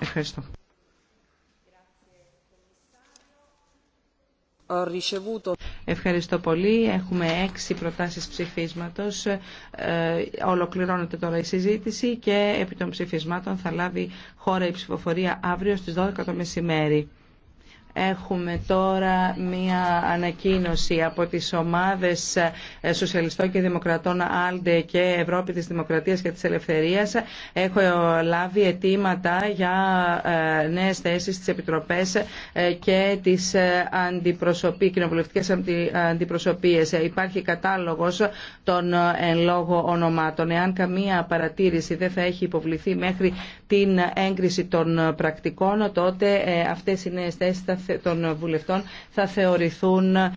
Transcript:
Ευχαριστώ. Ευχαριστώ πολύ. Έχουμε έξι προτάσεις ψηφίσματος. Ε, ολοκληρώνεται τώρα η συζήτηση και επί των ψηφισμάτων θα λάβει χώρα η ψηφοφορία αύριο στις 12 το μεσημέρι. Έχουμε τώρα μία ανακοίνωση από τις ομάδες ε, Σοσιαλιστών και Δημοκρατών Άλντε και Ευρώπη της Δημοκρατίας και της Ελευθερίας. Έχω λάβει αιτήματα για ε, νέες θέσεις στις Επιτροπές ε, και τις αντιπροσωπή, κοινοβουλευτικές αντιπροσωπίες. Υπάρχει κατάλογος των εν λόγω ονομάτων. Εάν καμία παρατήρηση δεν θα έχει υποβληθεί μέχρι την έγκριση των πρακτικών, τότε αυτές οι νέες θέσεις θα των βουλευτών θα θεωρηθούν